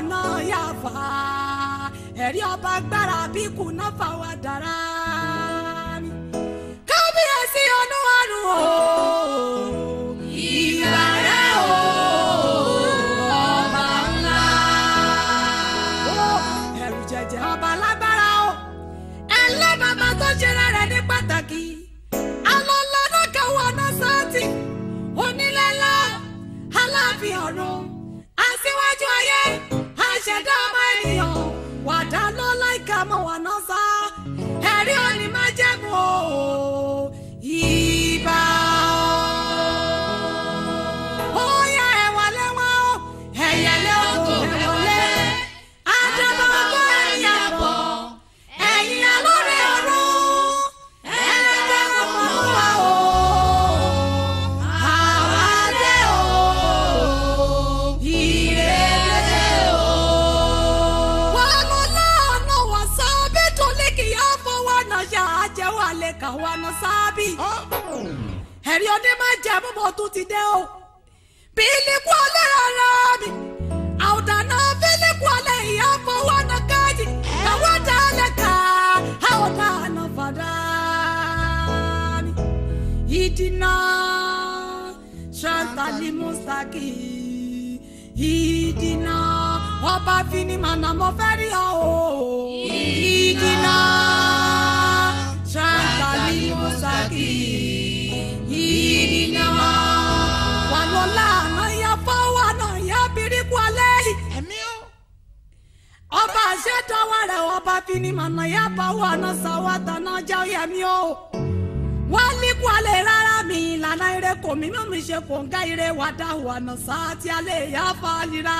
ọ̀nà yàfà ẹ̀rí ọba gbára bí kùnà fàwa dára ni kábíyèsí olúwarùn o. wà ní sáábì ẹ̀rí ọdẹ máa jẹ bọ́bọ̀ tó ti dẹ́ o bí ilẹ̀kùn ọlẹ́ ara mi àwùdà náà bí ilẹ̀kùn ọlẹ́ ìyá fọwọ́ náà káàdì ẹ̀wọ́ dálẹ̀ ká àwùdà náà fàdá mi ìdínà ṣàǹtàlì mùsàkì ìdínà ọba fínimànà mo fẹ́ rí ọ o. ọba àṣetọwọ rẹ ọba finimọ̀nà yàbọ̀ wọnà sọwọ́tọ̀nà jẹ́ òyẹ̀mí o wọ́n líkù alẹ́ rárá mi ìlànà eré kò mí mímú ṣe kò ń gá eré wà dá wọnà sá tí alẹ́ yà fà nira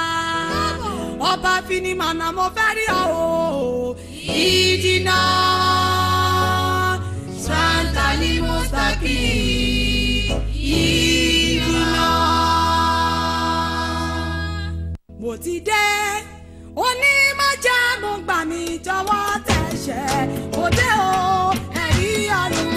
ọba finimọ̀nà mo fẹ́ rí ọ o ìdìnnà santa ni mo sàkí ìdìnnà. mo ti dé onímọ̀jẹ̀mú gbà mí jọ̀wọ́ tẹ̀sẹ̀ òde o ẹ̀rí ọ̀run.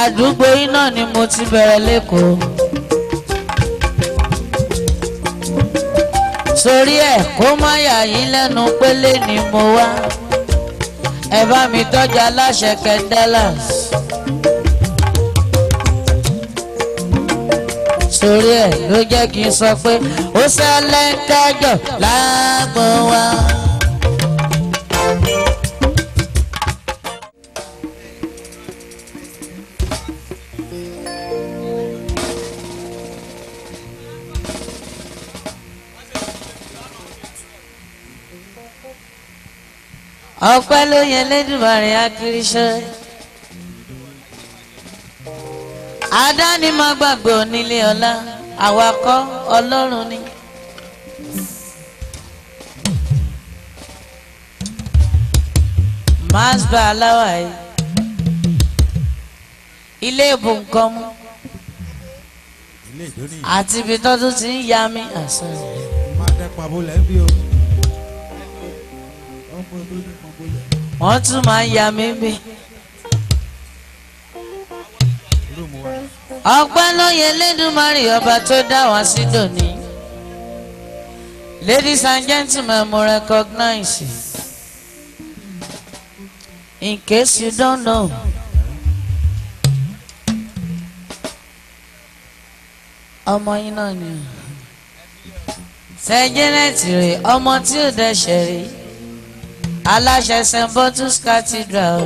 àdúgbò iná ni mo ti bẹ̀rẹ̀ lẹ́kọ̀ọ́. torí ẹ̀ kó má yà yín lẹ́nu pélé ni mo wá ẹ bá mi tọ́jà láṣẹ kẹndẹ́làs. torí ẹ̀ ló jẹ́ kí n sọ pé ó ṣẹlẹ̀ ń kẹjọ láàbọ̀ wá. ọpẹ́ ló yẹ lẹ́dùbàrẹ̀ àkìrìṣẹ́ àdáni má gbàgbé onílé ọlá àwakọ́ ọlọ́run ni. masba aláwa yìí ilé ìbò nǹkan mú àti ibi tó tún ti ń ya mi àṣà. má dẹ́pàbó lẹ́bí o wọ́n tún máa ń ya mí bí. ọpẹ́ ló yẹ lẹ́dùnmárì ọba tó dá wá sí dòní. ladies and gentlemen mo recognize in case you don't know. ọmọ yín náà ni ṣe jẹ́nẹ̀tì rè ọmọ tí ò dẹ́ṣẹ̀ rí aláṣẹ St. Bottles Cathedral.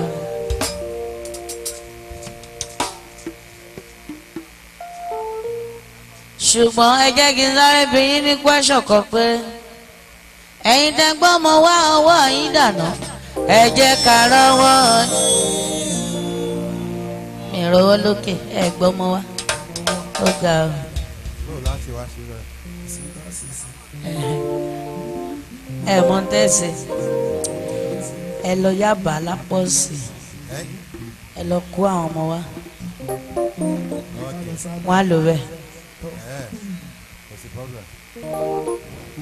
ṣùgbọ́n ẹ jẹ́ kí n sáré bí yín ní kwẹ́sọ̀ kan pé ẹ̀yin tẹ́ gbọ́ mọ wá ọwọ́ yín dànù ẹ jẹ́ ká rọ́wọ́ mi rọ́wọ́ lókè ẹ gbọ́ mọ wá ó ga o. ẹ mọ tẹ́sí. ẹ lọ yábà lápọ̀sì ẹ lọ kó àwọn ọmọ wa wọn á lò bẹ.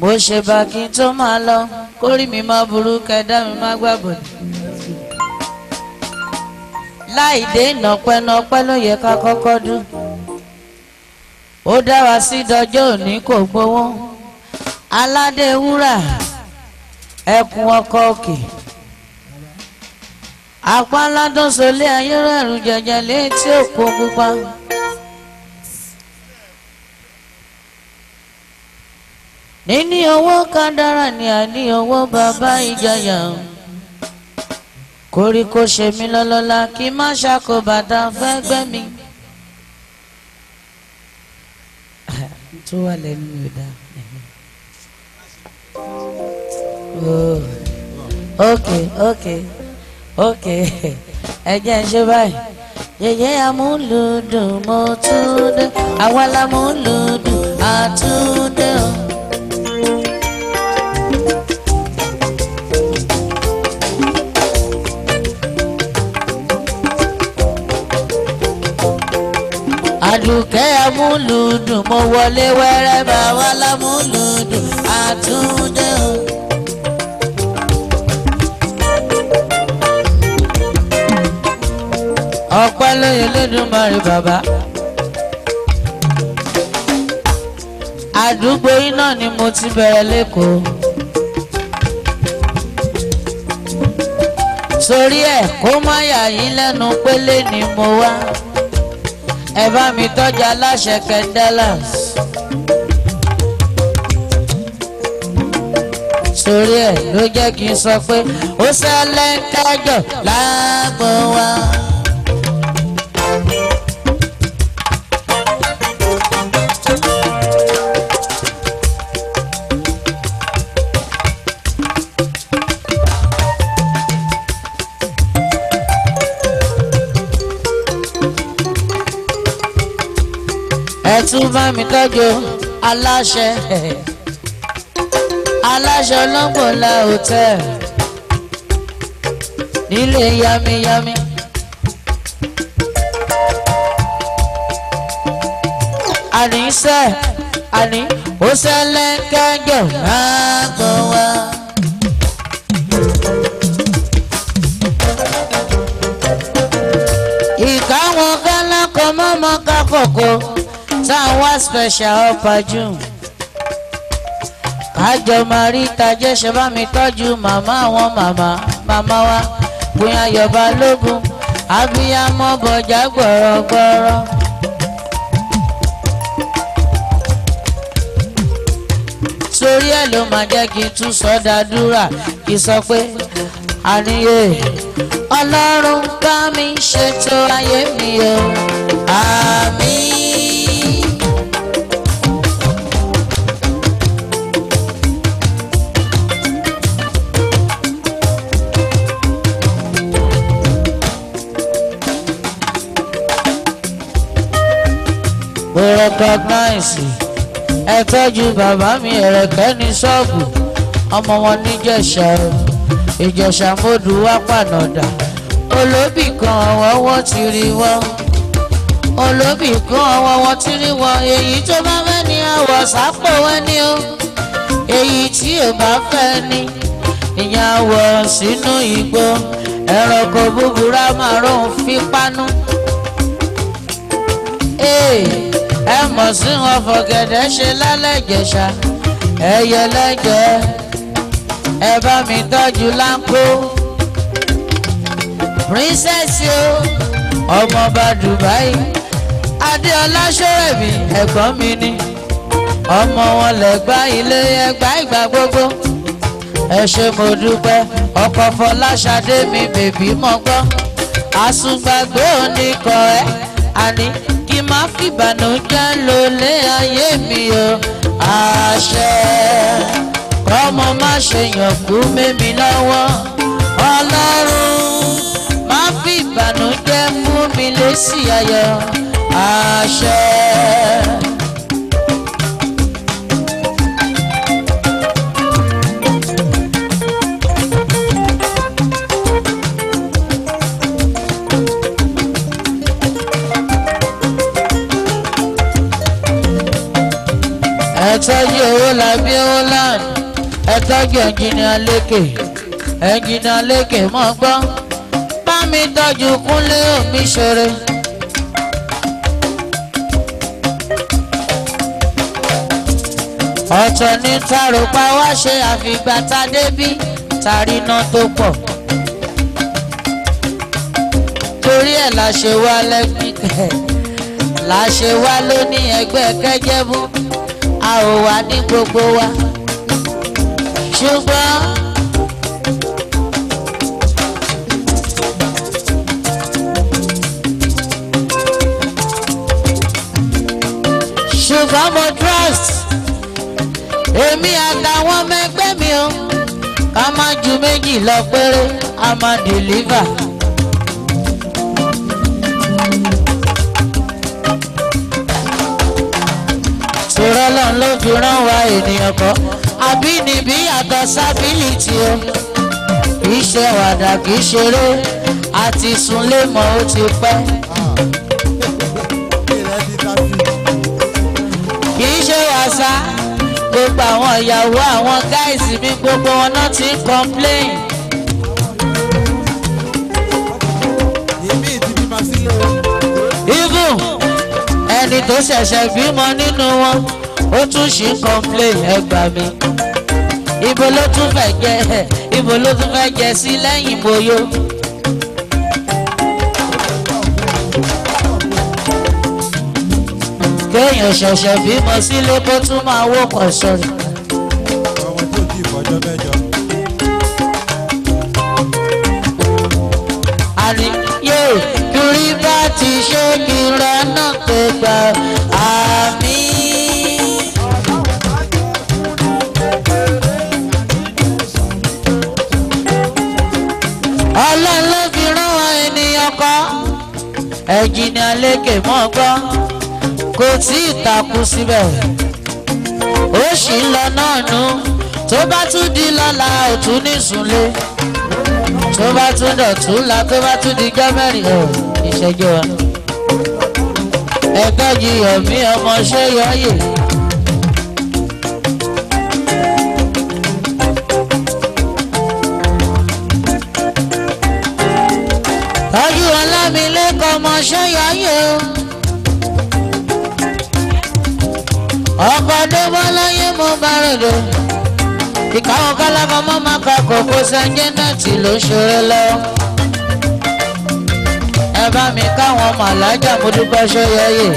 bó ṣe bá kí n tó máa lọ kórì mi má burú kẹdá mi gbá gbàgbọ́. láì dé ìnàpẹ́nàpẹ́ ló yẹ ká kọ́kọ́ dún ó dá wa sí dọjọ́ òní kò gbowó aládé wúrà ẹkùn ọkọ òkè. Okay. àpáládán sọlé ayérẹ̀rù jẹjẹ létí òpó pupa. níní owó kádàrà ni àní owó bàbá ìjayà koríko ṣe mí lọ́lọ́lá kí má ṣàkóbàtà fẹ́ gbẹ́mí. tó wà lẹ́nu mi ò dáa. Oh. okay okay ok ẹ jẹ́ ń ṣe báyìí yẹ̀yẹ́ amúlùdùn mo tún dé àwa la múlùdùn a tún dé o. àdùkẹ́ amúlùdùn mo wọlé wẹ́rẹ́ bá wa la múlùdùn a tún dé o. ọpẹ́ lóye lódùmarè bàbá. àdúgbò iná ni mo ti bẹ̀rẹ̀ lẹ́kọ̀ọ́. torí ẹ̀ kó má yà yín lẹ́nu pélé ni mo wá ẹ bá mi tọ́jà aláṣẹ kẹndẹ́làs. torí ẹ̀ ló jẹ́ kí n sọ pé ó ṣẹlẹ̀ ń kájọ lágbo wa. tún bá mi tọ́jú aláṣẹ aláṣẹ ọlọ́gbọ̀nla hòtẹ́ẹ̀lì nílé yamiyami. àní sẹ́ àní ó ṣẹlẹ̀ kẹ́gẹ́ rákọ̀ wá. ìkáwọn kálákọ̀ mọ́mọ́ ká kọ̀kọ́ tá wá special perfume kájọ máa rí tajẹ́ ṣe bá mi tọ́jú màmá àwọn màmá màmá wa gbìyàn yọba lógun abiyamọ bọjá gbọrọgbọrọ. torí ẹ̀ ló máa jẹ́ kí n tún sọ́dà dúrà kí sọ pé àníyè ọlọ́run bá mi ṣètò ayé mi o àmín. recognize ẹ tọ́jú bàbá mi ẹ̀rẹ̀kẹ́ ní ṣọ́ọ̀bù ọmọ wọn níjẹ̀ṣà o ìjẹ̀ṣà mọ́dù wá pànàdà olóbì kan ọwọ́ wọn ti rí wọn olóbì kan ọwọ́ ti rí wọn èyí tó bá fẹ́ ní àwọ̀ sápò wọn ni o èyí tí ò bá fẹ́ ni ìyẹn àwọ̀ sínú igbó ẹranko búburú á máa rún Hey ẹ mọ̀ sí wọn fọ̀gẹ̀dẹ̀ ṣe lálẹ́ ìjẹ̀ṣà ẹyẹ lẹ́jẹ̀ ẹ bá mi tọ́jú láńkó princess o ọmọọba Dubai Adéọlá Ṣọ́rẹ̀mí ẹ̀gbọ́n mi ni ọmọ wọn lẹ́gbá ilé ẹgbá ìgbà gbogbo ẹ ṣé mo dúpẹ́ ọkọ Fọláṣadé mi bèbí mọ́gbọ́n àsùngbàgbé òní kọ ẹ́ àní kí n má fìbànújẹ́ lólé ayé mi o àṣẹ kọ́mọ má ṣe yànkú mẹ́mi lọ́wọ́ ọlọ́run má fìbànújẹ́ mú mi lé sí ayọ̀ àṣẹ. tọ́jú owó làbí owó land ẹ tọ́jú ẹnjìnìà lékè ẹnjìnìà lékè mọ́ gbọ́ bá mi tọ́jú kúnlé omi ṣeré. ọ̀tọ̀ ní taròpá wá ṣe àfìgbà tá débí taríná tó pọ̀ torí ẹ̀ la ṣe wá lẹ́gbẹ̀ẹ́ la ṣe wá lóní a ò wà ní gbogbo wa ṣùgbọ́n. ṣùgbọ́n mo trust èmi àtàwọn ọmọ ẹgbẹ́ mi o ká má ju méjì lọ péré a máa deliver. ló fi rán wa ènìyàn kọ́ àbínibí yàtọ̀ sábìlìtì o kì í ṣe wàdà kì í ṣeré àti sunlé mọ́ ó ti pẹ́. kì í ṣe wàṣà gbogbo àwọn ìyàwó àwọn gáìsì mi gbogbo wọn náà ti ń complain. even ẹni tó ṣẹ̀ṣẹ̀ bímọ nínú wọn ó tún ṣì ń complain ẹ gbà mí ibo ló tún fẹ́ jẹ ibo ló tún fẹ́ jẹ sí lẹ́yìn boyo. kéèyàn ṣẹ̀ṣẹ̀ bímọ sílé kó tún máa wó pọ̀ sọ̀rọ̀. sókè mọ́ gbọ́ kò tí ì takú síbẹ̀ ó sì ń lọ náà nù tó bá tún di lọ́la ò ní sùnlé tó bá tún dọ̀tún la tó bá tún di gọ́mẹ̀rì ọ̀ ìṣẹ́jú ẹgbẹ́ jiyọ̀ mí ọmọ yọ̀ọ́yè. tọ́jú ọlámi àṣeyọyè o. ọkọ̀ débọ́ láyé mo bá rèdò. ìkáwọ́ kálábà mọ́ máa ka kòkó sanjé náà tì ló ṣeré lọ. ẹ bá mi káwọn màlájà mo dúpẹ́ ṣeyọyè.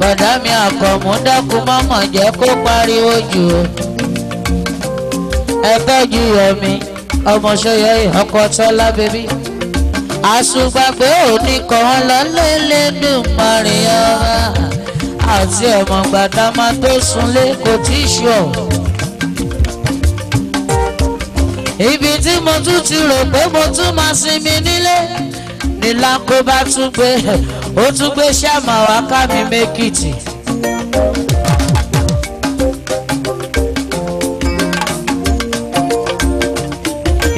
bọ̀dá mi àkànmú dákun mọ́mọ́ jẹ́ kó pariwo jù o. ẹ tọ́jú yọ mi ọmọ ṣeyọyè ọkọ̀ tọ́lá bébí àṣùgbàgbé oníkan lọ́lẹ́lẹ́dùnmarin ọba àti ẹ̀mọ̀ gbàdámà tó súnlé kò tí ì ṣọ. ibi tí mo tún ti rò pé mo tún máa sinmi nílé ni lákó bá tún gbé ó tún gbé ṣàmà wá ká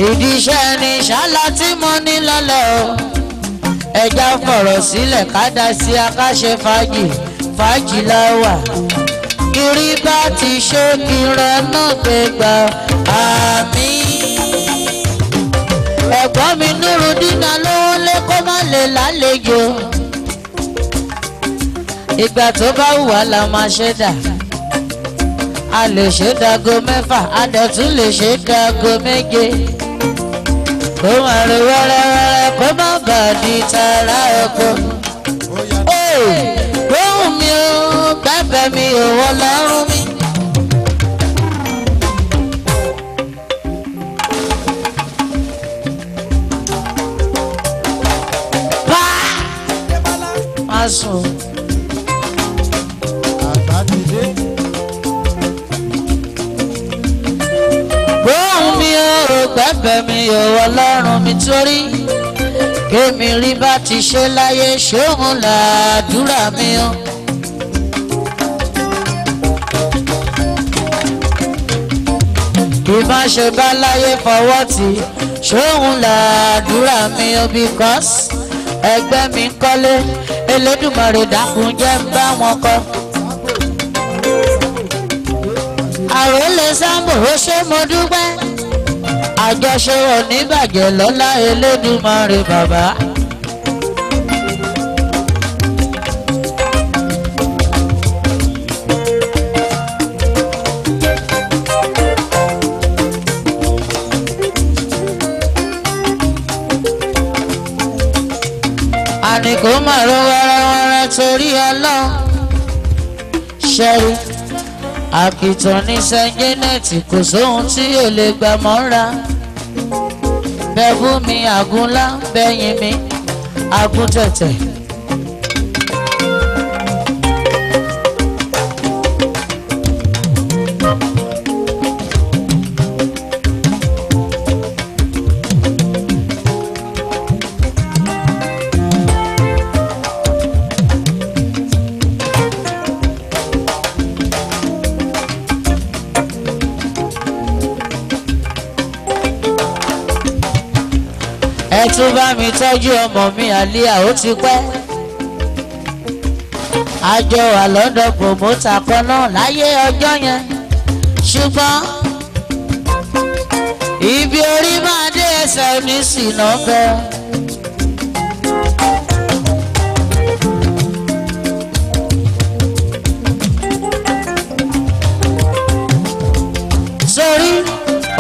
ìdíṣẹ́ ni ṣálá tí mo ní lọ́lẹ̀ o ẹja fọ̀rọ̀ sílẹ̀ kádà sí akáṣe fàájì fàájì láwà kiri bá ti ṣó kiri náà gbégbá àmì. ẹ̀gbọ́n mi núrú dínà lówó lé kó má lè lálejò ìgbà tó bá wù la máa ṣe dà a lè ṣe dago mẹ́fà a dẹ̀ tún lè ṣe dago méje kó má rí wẹ́rẹ́wẹ́rẹ́ kó má bà di tara ẹ̀kọ́. Gbóhùn mi ó bẹ́bẹ̀ mi ò wọ́n lọ́rùn mi. Pa! Má sùn. pẹ́pẹ́ mi ò ọlọ́run mi torí kémi rí bá ti ṣe láyé ṣóhun làdúrà mi o. kì í má ṣe bá láyé fọwọ́ tì ṣóhun làdúrà mi o because ẹgbẹ́ mi ń kọ́lé Elédùmarè dákun jẹ́ ń bá wọn kọ́. àròlé Sambo ó ṣe mo dúpẹ́ àjọṣe oníbàjẹ́ lọ́lá Elédùmarè bàbá. àní kò máa lọ wẹ́rẹ́wẹ́rẹ́ torí ọlọ́ ṣẹ́rí àkìtàn ní sẹ́ńgẹ́nẹ̀tì kò sóhun tí ò lè gbà mọ́ra bẹ́ẹ̀ fún mi àgúnlá bẹ́yìn mi àgúntẹ̀tẹ̀. ẹ tún bá mi tọ́jú ọmọ mi àlíyà ó ti pẹ́ àjọ wà lọ́dọ̀ promoter kan náà láyé ọjọ́ yẹn ṣùgbọ́n ibi orí máa dé ẹsẹ̀ oníṣìnà bẹ́ẹ̀. sórí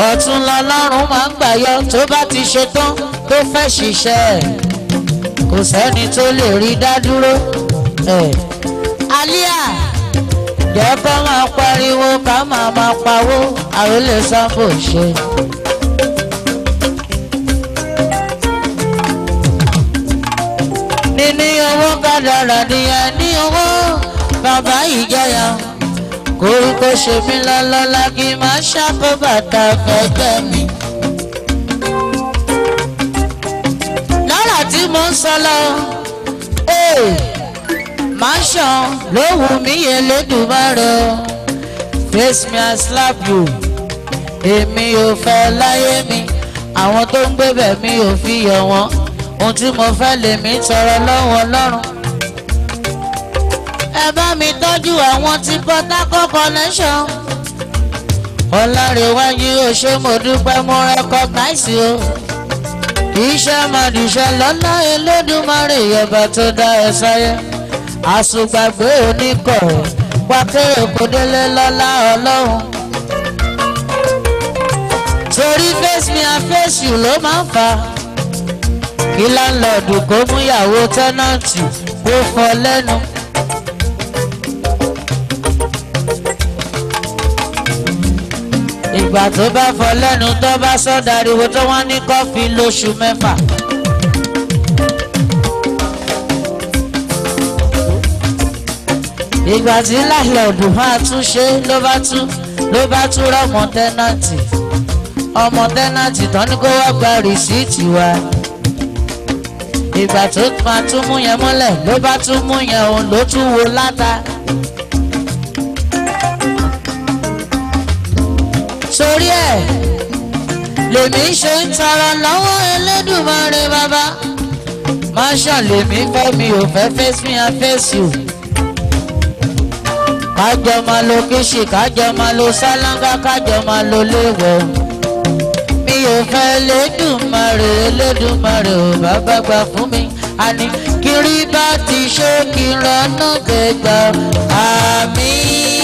ọ̀tún lọ́lọ́run máa ń gbàyọ tó bá ti ṣe tán tó fẹ́ ṣiṣẹ́ kò sẹ́ni tó lè rí dádúró. Alia jẹ́ kó máa pariwo ká máa máa pawó àròlé Sambo ṣe. níní owó kádàrà nìyẹn ní owó bàbá ìjọyà koríko ṣe mí lọ́lọ́lá kí n máa ṣàkóbá ta fẹ́gbẹ́ mi. mò ń sọ lọ. mansion ló wù mí yẹn lẹ́dùnmọ́rọ̀ face me and slap you èmi ò fẹ́ láyé mi àwọn tó ń gbébẹ̀ mi ò fi yọ̀ wọ́n ohun tí mo fẹ́ lèmi tọrọ lọ́wọ́ Ọlọ́run ẹ bá mi tọ́jú àwọn tí Port Harcourt connection. ọ̀làrẹ̀wájú ò ṣe mo dúpẹ́ mo rẹ́kọ̀gnáìsì o díṣẹ́ má díṣẹ́ lọ́nà Elédùmarè ọba tó dá ẹ sáyé àṣùgbàgbé oníkọ̀ wákéré kò délé lọ́lá ọlọ́run. torí face me and face you ló máa ń fa kí láńlọ́ọ̀dù kó mú ìyàwó tẹ́nàntì kó fọ lẹ́nu. ìgbà tó bá fọ lẹ́nu tó bá sọ́dà ariwo tó wọ́n ní kọ́fì lóṣù mẹ́fà. ìgbà tí láìlọ́ọ̀dù máa tún ṣe ló bá tún ló bá tún rọ́mọ tẹ́nàtì ọmọ tẹ́nàtì tán ní kó wá gba rìsíìtì wa ìgbà tó máa tún mú yẹn mọ́lẹ̀ ló bá tún mú yẹn òun ló tún wo láta. sórí ẹ̀ lèmi ṣe ń tọrọ lọ́wọ́ Elédùmarè bàbá má ṣàlèmí fẹ́ mi ò fẹ́ face me and face you kájọ máa lo kíṣì kájọ máa lo sálángá kájọ máa lo léwọ mi ò fẹ́ Elédùmarè Elédùmarè ò bàbá gbà fún mi àní kiri bá ti ṣe kí n rọnú kẹgbà àmín.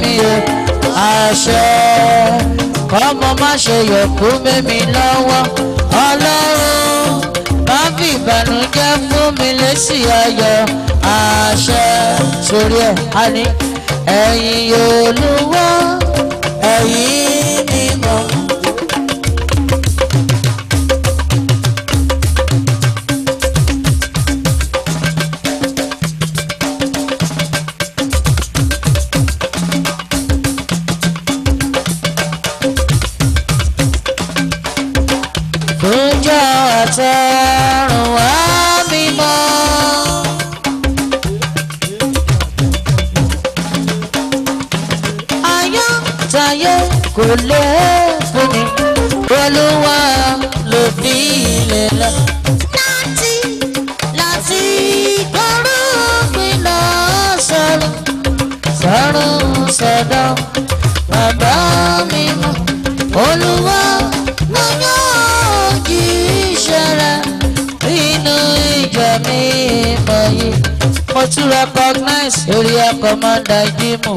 mi o àṣẹ kọ́mọ má ṣe yọ̀kú mẹ́mi lọ́wọ́ ọlọ́run má fi ìbànújẹ́ fún mi lésì ayọ̀ àṣẹ sórí ẹ̀ á ní ẹ̀yìn olúwa ẹ̀yìn. kọ́mọ́ndà jímù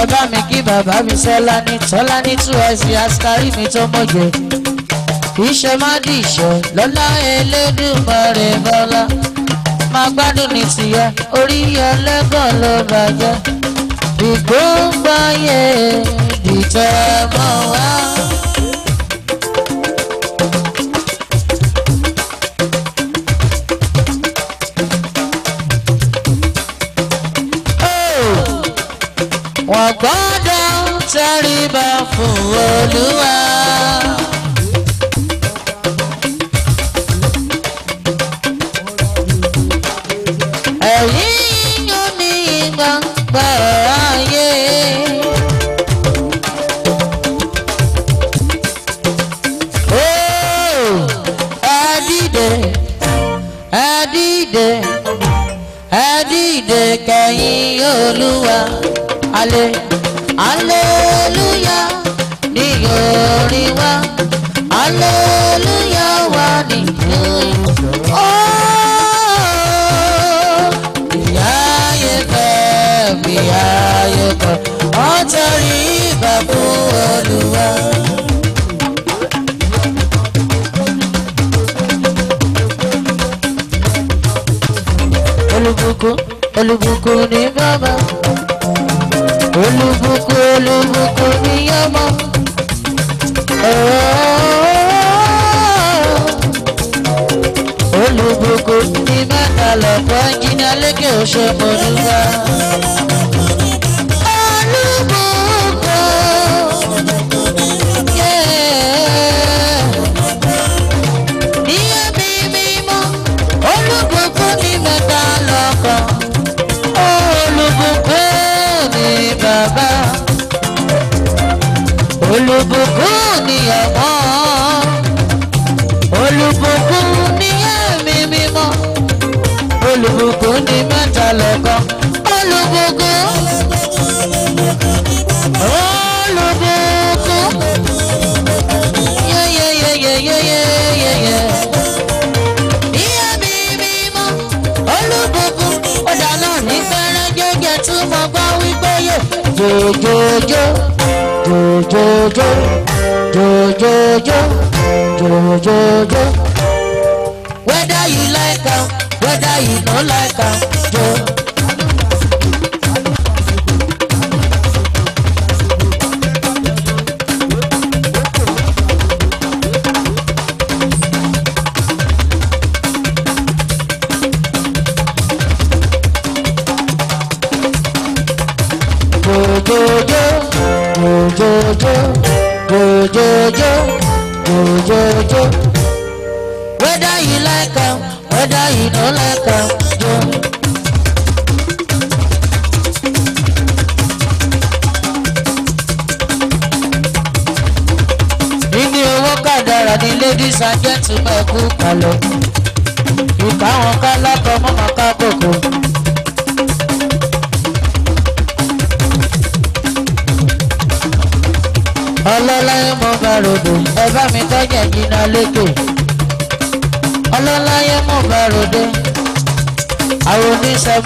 ẹ bá mi kí bàbá mi sọ́lá ní tọ́lá ní tú ẹ̀sìn àṣkárí mi tó mọ̀jẹ́ iṣẹ́ má dì ìṣẹ́ lọ́lá Elédùmarè bọ́lá máa gbádùn ní tìyẹ orí ẹlẹ́gàn ló bàjẹ́ ìgbóngbáyé dìtẹ̀ mọ́ wá. wọ́n gbọ́dọ̀ tẹríba fún Olúwa. mẹ́ta lẹ́kọ́. olùgbogbo olùgbogbo yeyeyeyeyeyeye. ìyá mi mímọ́ olùgbogbo ó dáná ní fẹ́rẹ́ jẹ́jẹ́ tí mo gbọ́ wípé yẹ. jojojo jojojo jojojo jojojo. whether you like am whether you no like am.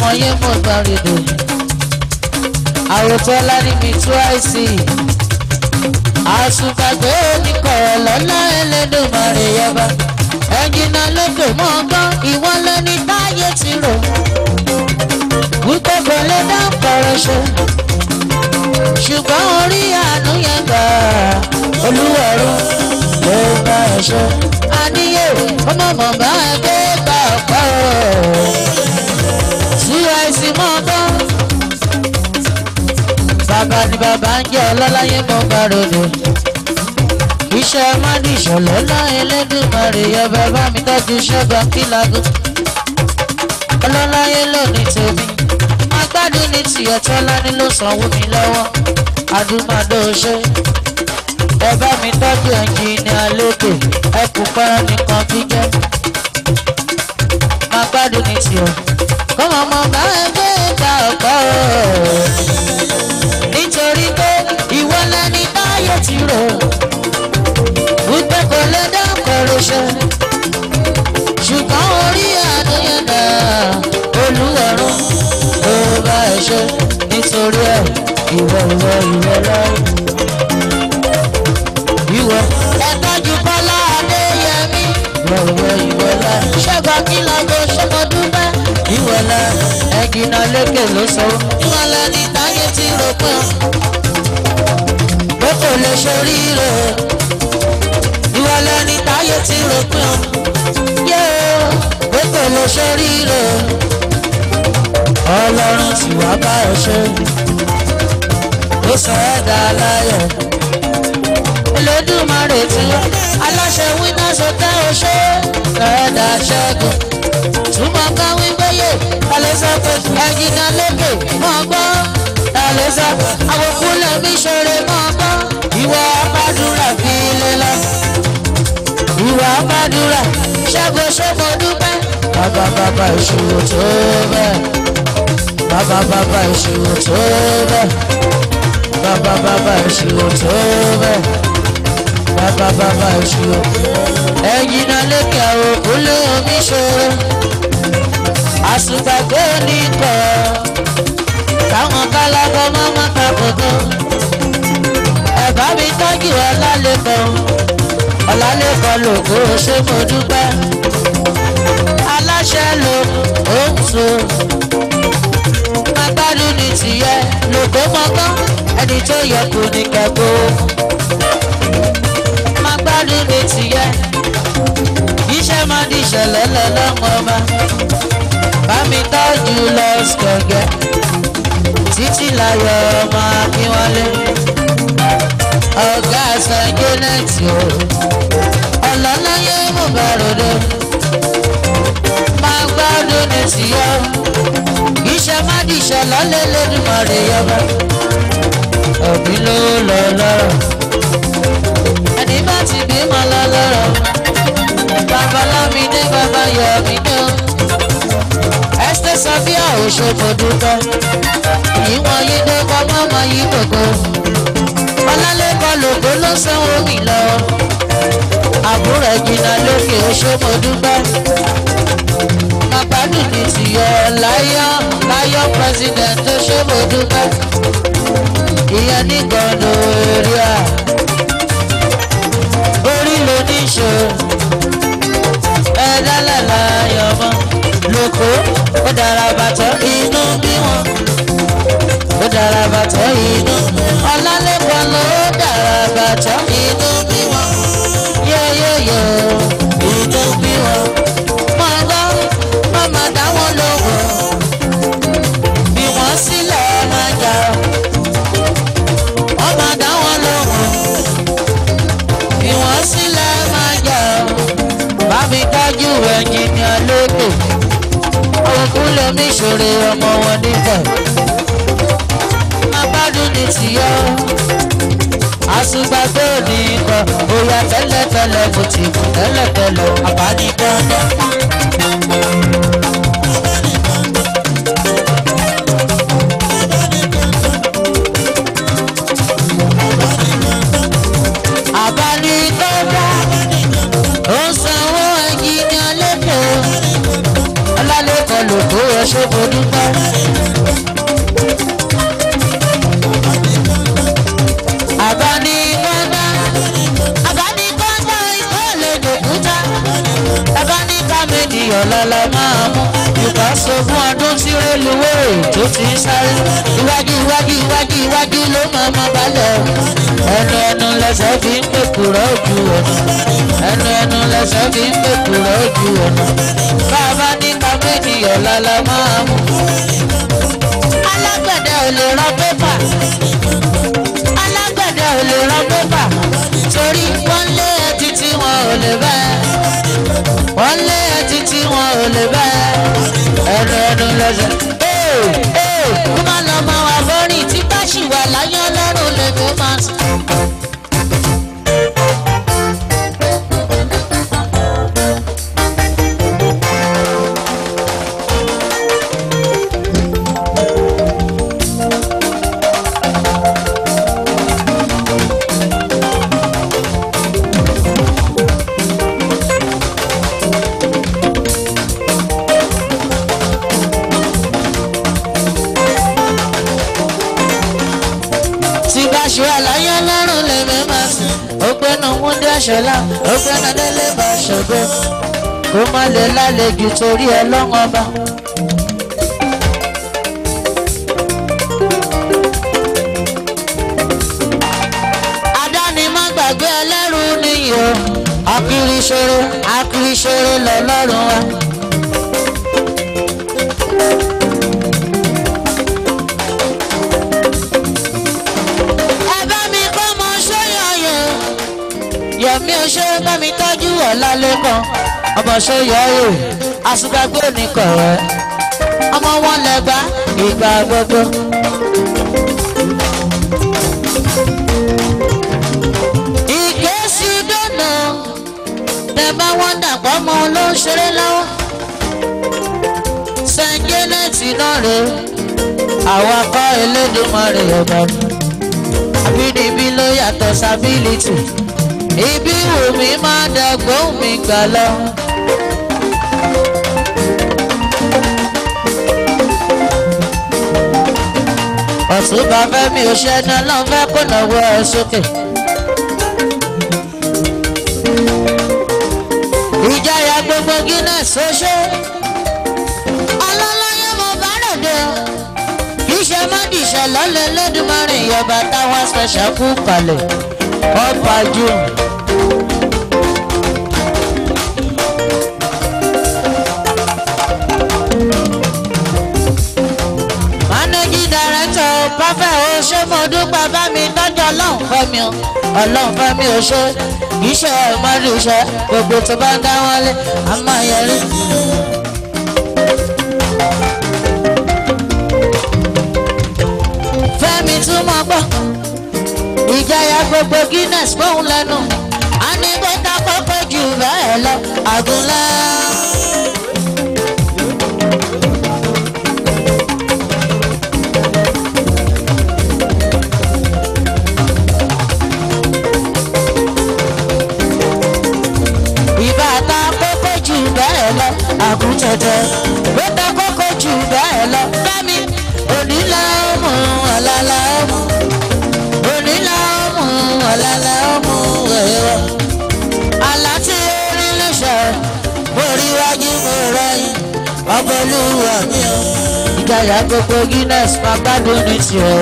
ọmọ yé mọ̀ gbàrìdò àròtọ́lá ní mi tú àìsí àṣùgbàgbé oníkọ̀ọ́ lọ́lá ẹlẹ́dùnmarè yaba ẹ̀jìnà lọ́dọ̀ mọ́ ọgbọ́n ìwọ́n lẹ́ni táyé ti rò wípé kò lè dá pọ̀rọ̀ ṣe ṣùgbọ́n orí àánú yẹn gbà olúwẹ̀rú ló bá ẹ ṣe àníyè ọmọ mọ̀ bá ẹgbẹ́ gbà pọ̀rọ̀. ọba ni bàbá ń jẹ́ ọlọ́láyé mọ́ gbàròdò. iṣẹ́ mádì ìṣọ̀lọ́ náà Elédùmarè yọ bàbá mi tọ́jú ṣọ́gbà kílágùn. ọlọ́láyé lónìí tèmi agbádùn ní tìyẹ̀ tọ́lá ni ló sanwó mi lọ́wọ́ adúmọ̀dọ́ ṣe. ẹ bá mi tọ́jú ẹnjìnìá lókè ẹ kò pẹ́rẹ́ nìkan jíjẹ́. máa gbádùn ní tìyẹ̀ kọ́mọ bá ẹgbẹ́ ìta ọ̀pọ̀ ti rọ̀ wípé kò ṣùgbọ́n orí àdéhùnà olúwarún ló bá ẹ nítorí ẹ ìwọ ìwọ ìwọ lọ. ìwọ ẹ̀tọ́jú bọ́lá adéyẹmí ìwọ ìwọ ìwọ lọ. ṣẹ́gun akínlájọ ṣọmọdúnbẹ́ ìwọ lọ ẹ̀gìnà lékè ló sọ. ìwọ lọ ní táyé tí ro pọ̀ kò lè ṣoríire ìwọ lẹni táyé ti rò pé ọ yé o kò lè ṣoríire ọlọ́run tí wàá bá ẹ ṣe ó sọ ẹ́ dá láyọ̀ olódùmarè tí aláṣẹ wíná sọtẹ́ ọṣẹ ẹ̀ẹ́dà ṣẹ́gun túmọ̀ ká wí gbẹ́yẹ̀ alẹ́ sọ pé lókè mọ́ gbọ́ ẹlẹ́sà àwọn kúlẹ̀ mi ṣeré mọ́gbọ́ ìwà àbádúrà fi lè lọ. ìwà àbádúrà ṣẹ́gun ṣẹ́gun dúpẹ́. bàbá bàbá ìṣòro tó bẹ́ẹ̀. bàbá bàbá ìṣòro tó bẹ́ẹ̀. bàbá bàbá ìṣòro tó bẹ́ẹ̀. bàbá bàbá ìṣòro. ẹ̀yin náà lékè àwọn kúlẹ̀ mi ṣeré. àsùnfàgbọ́ ní kọ́. ògo ẹ̀bá mi tọ́jú ọlálẹ́kọ̀ọ́ ọlálẹ́kọ̀ọ́ lògo ṣé mo dúpẹ́ aláṣẹ ló ń so agbádùn ní tìyẹ lògo mọ́kọ́ ẹni tó yẹ kù ní kẹ́kọ̀ọ́ agbádùn ní tìyẹ iṣẹ́ máa di ìṣẹ̀lẹ̀ lọ́mọ ọba bá mi tọ́jú lọ́sọ̀gẹ́. Títílayọ̀ ọmọ Akínwálé ọ̀gá àṣà Janet o ọ̀làláyé Mubarodo máa gbádùn ní tìyọ́ iṣẹ́ má dìṣẹ́ lọ́lẹ́ lẹ́dùnmọ̀rẹ́ yọba òbí ló lọ lọ́rọ̀ ẹni bá ti bímọ lọ lọ́rọ̀ babalámi dé bàbá yọ̀ náà. Esther Sofia Òṣogbo dúpẹ́ ìwọ̀n yìí dé kọ́ mọ́mọ́ yìí gbogbo ọlálẹ́kọ̀ọ́ lògbó ló sanwó mi lọ àbúrò ẹ̀jìnà lókè Òṣogbo dúpẹ́ màbádùn ní tìyọ̀ láyọ̀ láyọ̀ president Òṣogbo dúpẹ́ ìyẹn ní gbọ̀ndọ̀ èrè à orí lóníṣó ẹ̀dá lẹ́la ó dára bàtọ́ inú bí wọn ó dára bàtọ́ inú ọ̀làlẹ́pọ̀ ló dára bàtọ́ inú bí wọn yóyóyó inú bí wọn. òkú lómi ṣòro ọmọ wọn níbẹ̀. abádùn ní tìyọ́ àṣùgbàgbé òní kan bóyá tẹ́lẹ̀tẹ́lẹ̀ bó ti kù tẹ́lẹ̀tẹ́lẹ̀ àbádìí dandan. bàbá ṣogún ọdún tí rélùwé tó ti ń sáré iwájú iwájú iwájú iwájú ló máa ma balẹ̀ ẹnu ẹnu lẹ́sẹ̀ fi ń pèkúrọ̀ ojú ọ̀nà ẹnu ẹnu lẹ́sẹ̀ fi ń pèkúrọ̀ ojú ọ̀nà bàbá ní kàméjìyàn lálá máa mú alágbẹ̀dẹ ò lè rọ pépà alágbẹ̀dẹ ò lè rọ pépà torí wọ́n lé ẹtí tí wọn ò lè bẹ́ẹ̀ wọ́n lé ẹtí tí wọn ò lè bẹ́ẹ̀ ọdún ọdún lọ́sẹ̀. kó má lọ mọ àbọ̀rìn tí bá ṣì wà láyọ̀ ọlọ́run lè kó máa sùn. ṣọlá ọgbẹ́nà délé bá ṣọgbẹ́ kó má lè lálejò torí ẹ lọ́wọ́ bá. gbàgbé ẹlẹ́rù nìyí o akiri ṣeré akiri ṣeré lọ́lọ́run wa. mi ò ṣe bá mi tọ́jú ọ̀la lẹ́kàn ọmọ ṣe yọ ọ́ àṣùgbàgbé nìkan rẹ̀ ọmọ wọn lẹ́gbà ìgbà gbogbo. ìgbésí dọ́nà tẹ bá wọn dàpọ̀ mọ́ ló ń ṣeré lọ́wọ́ sẹ́ńgẹ́lẹ́tì náà rèé àwọn akọ́ elédèmọ́ rèé ọ̀dọ́ mi àbínibí ló yàtọ̀ sábìlìtì ibi omi máa dàgbọ́ mi gbà lọ. ọ̀túnba fẹ́mi òṣèlú ọlọ́run fẹ́ kó lọ́wọ́ ẹ sókè. ìjayà gbogbo guinness ó ṣe ọlọ́lọ́yẹ mo bá ròde kì í ṣe mọ́dìṣẹ́ lọ́lẹ̀ lẹ́dùnmọ́rin ìyọba táwa special kú kalẹ̀ ọfà june. managing director pàfẹ́ o ṣé mo dúpẹ́ bá mi tọ́jú ọlọ́run fẹ́ mi o ọlọ́run fẹ́ mi o ṣe iṣẹ́ ìmọ̀lú iṣẹ́ gbogbo tó bá dá wọn a máa yẹrí. fẹ́mi tún gbọ́ ìjayà gbogbo Guinness fóun lẹ́nu a ní bó ta kókó jù bẹ́ẹ̀ lọ àgùnlá. ìyá gbogbo Guinness máa gbádùn ní tiẹ̀ o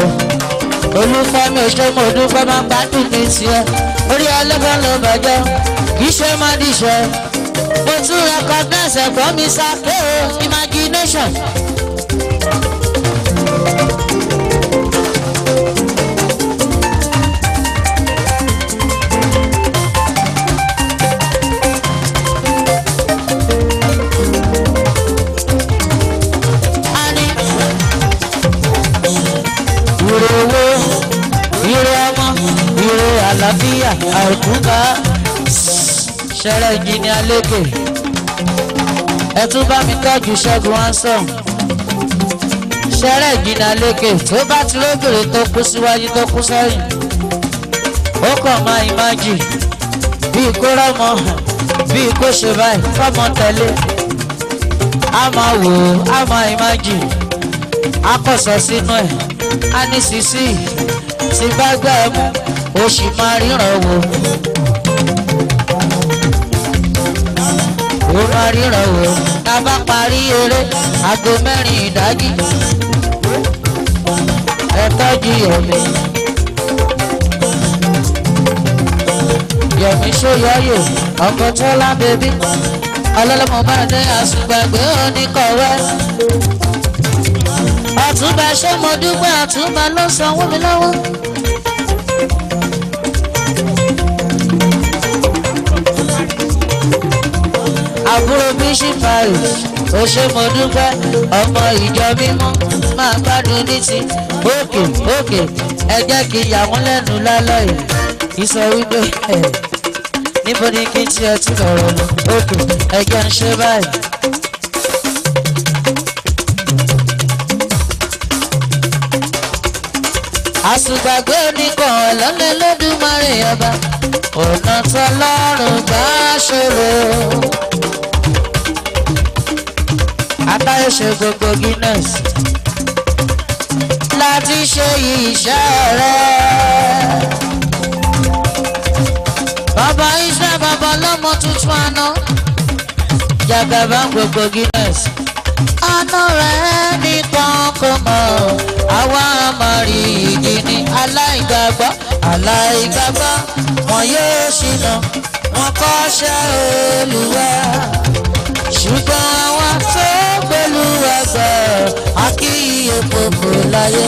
Olúfẹ́mi ṣẹ́gun olúfẹ́ máa gbádùn ní tiẹ̀ orí ọlọ́gbọ́n ló bàjẹ́ kì í ṣe má dìṣẹ́ mo tún recognize ẹ̀gbọ́n mi sá o imagination. àìkúnká ṣẹlẹ̀ ìjìnì alékè ẹ tún bá mi tọ́jú ṣẹ́gun hansom ṣẹlẹ̀ ìjìnì alékè tó bá ti lóbìnrin tó kú síwájú tó kú sẹ́yìn ó kàn máa ìmájì bíi kó rọ́mọ bíi kó ṣe báyìí fọ́mọ tẹ̀lé a máa wò ó a máa ìmájì a kọ̀sọ̀ sínú ẹ̀ a ní sísí tí bá gbà ẹ́ mú ó sì máa ríran wò. ó máa ríran wò tá a bá parí eré aago mẹ́rin ìdájí ẹ tọ́jú yọ̀mí. yọ̀mí sóyọ́yò ọkọ̀ tọ́lá bèbí ọlọ́lọ́mọ bá dé àsùgbàgbé oníkọ̀wé. àtúbà ṣé mo dúpẹ́ àtúbà ló sanwó mi lọ́wọ́. àbúrò bíṣípàì ó ṣe mo dúpẹ́ ọmọ ìjọ mímọ́ máa gbádùn ní ti òkè òkè ẹ jẹ́ kí yà wọ́n lẹ́nu lálọ́ yìí kì í sọ wípé níbo ni kí n ti ọtí lọ́rọ̀ òkè ẹ jẹ́ ń ṣe báyìí. àsùgbàgbé nìkan ọ̀lọ́lẹ̀ lọ́dún márùn-ún ọ̀nà tọ́lọ́rùn bá ṣòro atáyé ṣe gbogbo Guinness láti ṣe iṣẹ́ rẹ̀. bàbá iṣẹ́ bàbá lọ́mọ tuntun àná jàgàbá gbogbo Guinness àná rẹ̀ nìkan kò mọ̀ àwa àmàrí ìdí ní aláìgbàgbọ́ aláìgbàgbọ́ wọn yóò ṣìnà wọn kọ́ ṣe olùwẹ̀ ṣùgbọ́n wọn fẹ́ẹ́ ẹsẹ̀ akíyè pòpò láyé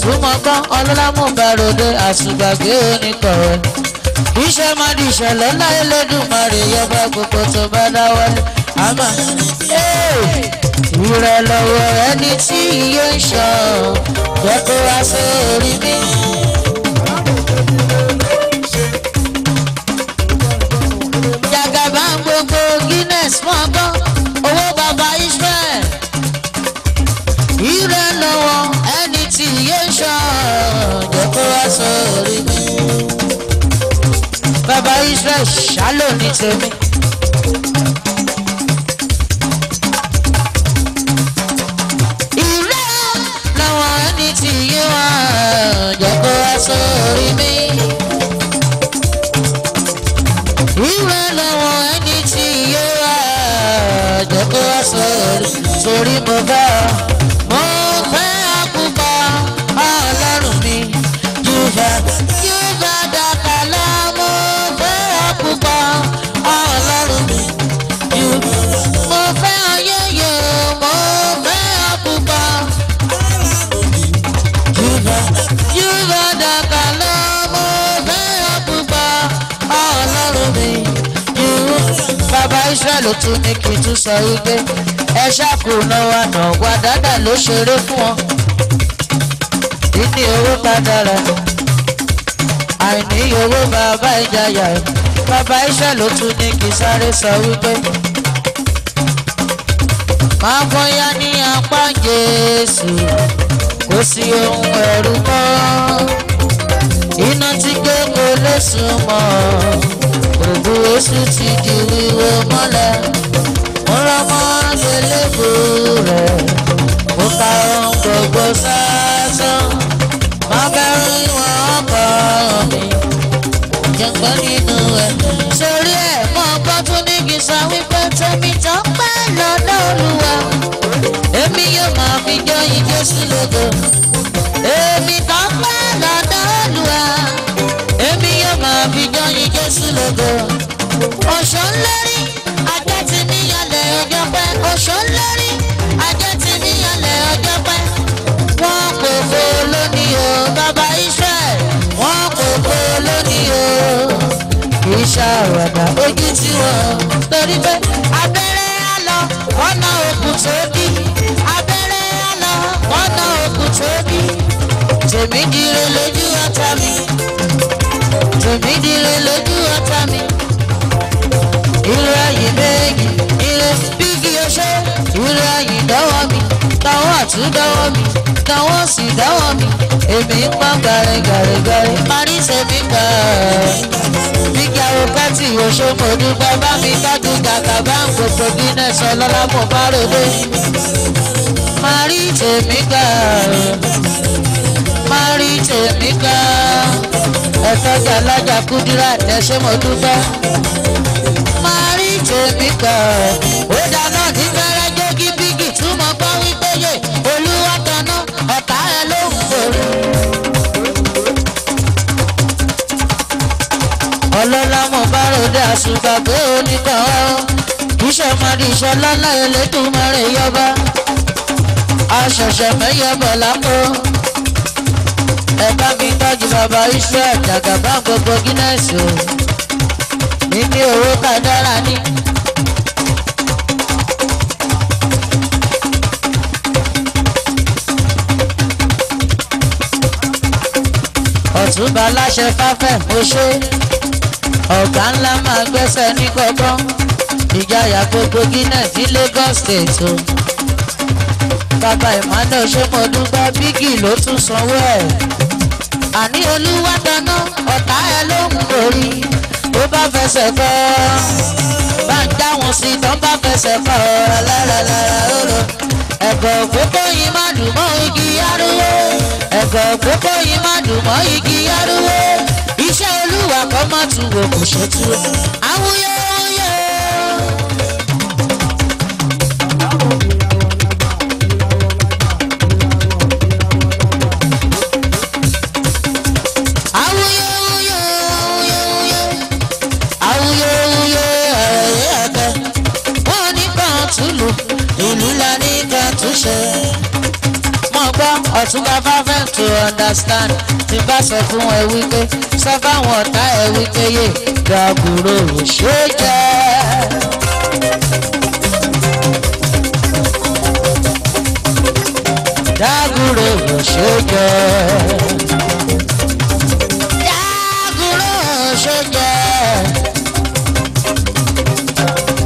súnmọ́gbọ́n ọlọ́lámùbàròdé àṣùgbàgbé oníkọ̀wé iṣẹ́ máa di ìṣẹ̀lẹ̀ ńlá Elédùmarè yọba gbogbo tó bá dáwọ́lé àmọ́ ìrẹ̀ lọ́wọ́ ẹni tí iye ń ṣọ́ jẹ́ kó wá sórí mi. jàgàbá gbogbo Guinness mọ́gbọ́n. Israel ṣálò ní tèmi. ìrẹ́ làwọn ẹni tí yé wa jẹ́ kó wá sórí mi. ìrẹ́ làwọn ẹni tí yé wa jẹ́ kó wá sórí mo bá. ló tún ní kí n tún sọ igbe ẹ ṣàkó náwa nàwa dáadáa ló ṣeré fún wọn ìní owó padà rà àìní owó bàbá ìjayà bàbá iṣẹ́ ló tún ní kí sáré sọ wípé máa bóyá ní apá Jésù kò sí ohun ẹ̀rù mọ́ iná tí gbé kò lè sùn mọ́ gbogbo oṣù ti di wíwó mọ́lẹ̀ mo rọmọ àgbélébò rẹ̀ mo ka ohun gbogbo sásán má bẹ̀rù ìwọ̀n ọkọ̀ mi jẹ̀gbọ́n nínú ẹ̀ sórí ẹ̀ mọ́ ọgbọ́n tún ní kí sọ wípé tèmi tó pẹ́ lọ́dọ̀ olúwa èmi yóò máa fi jọ ìjọ́sìn lógo èmi tó pẹ́ lọ́dọ̀ olúwa fi jọyìn Jésù lógo. Ọ̀ṣọ́ ńlórí ajá ti níyànlẹ̀ ọjọ́ pẹ́. Ọ̀ṣọ́ ńlórí ajá ti níyànlẹ̀ ọjọ́ pẹ́. Wọ́n kò fo lónìí o, bàbá Israẹ̀l. Wọ́n kò fo lónìí o. Iṣẹ́ àwàdà ojú tí wọ́n torí pé abẹ́rẹ́ á ọ̀nà òkun tóbi. Abẹ́rẹ́ á ọ̀nà òkun tóbi. Tèmi dire lójú ọ̀tá mi mi dilé lójú ọ̀tá mi. Ilé ayé méjì, ilé bíbí ọṣẹ́, ilé ayé dọ́wọ́ mi, táwọn àtún dọ́wọ́ mi, táwọn sì dọ́wọ́ mi. Èmi ń pa gàrẹ́ gàrẹ́ gàrẹ́, parí sẹ́mi gbà. Nígbà wo pẹ́tì oṣó mo dúpẹ́ bá mi gbádùn kàkà bá ń gbogbo Guinness ọlọ́lá mo bá ròde. mi tèmi gbà, marí mi gbà ẹ̀sọ́jà lọ́jà kúdírà tẹ̀sí mo dúpẹ́. máa rí tèmi gbà ó dáná ní gáràjò gígígì tí mo wípé yé olúwa tanná ọ̀tá ẹ ló ń fòrò. ọlọ́lá mo bá ròde àṣùgbàgbé oníkan iṣẹ́ mọ́ni iṣẹ́ lọ́lá elédùnmọ́rin yọba aṣẹ̀ṣẹ̀ mẹ́yẹ bọ̀ lápò ẹ bá mi tọ́jú bàbá Israel Jagaban gbogbo Guinness o níní owó kádàrá ní. ọ̀túnba láṣẹ fáfẹ́ mo ṣe ọ̀gá ńlá máa gbẹ́sẹ̀ ní kọ́kọ́ ìjayà gbogbo Guinness ní Lagos State o bàbá Emmanuel ṣé mo dúpẹ́ bígì ló tún sanwó ẹ̀ olúwa tanná ọ̀tá ẹ ló ń borí bó bá fẹsẹ̀ fọ́ bá ń dá wọn sí tán bá fẹsẹ̀ fọ́ lálálálá lóró ẹ̀gọ́ òpópó yìí má dùn mọ́ igi arúgbó ẹ̀gọ́ òpópó yìí má dùn mọ́ igi arúgbó iṣẹ́ olúwa kọ́ má tún wò kò ṣe tú. àwùyọ ọ̀túnba bá fẹ́ to understand tí bá sọ fún ẹ wípé sọ fáwọn ọ̀tá ẹ wípé yé dàgùrò ṣé jẹ́. dàgùrò ṣé jẹ́. dàgùrò ṣé